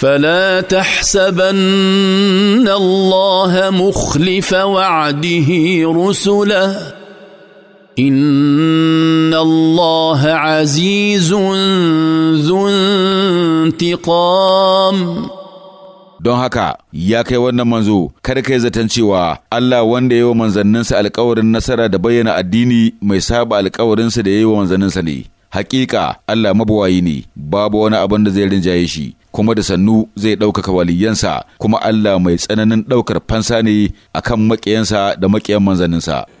فلا تحسبن الله مخلف وعده رسله ان الله عزيز ذو انتقام don haka ya kai wannan manzo kada kai zaton cewa Allah wanda ya yi wa manzanninsa alkawarin nasara da bayyana addini mai saba alkawarinsa da ya yi wa manzanninsa ne hakika Allah mabawayi ne babu wani abin da zai rinjaye shi kuma da sannu zai ɗaukaka waliyansa kuma Allah mai tsananin ɗaukar fansa ne akan maƙiyansa da maƙiyan manzaninsa.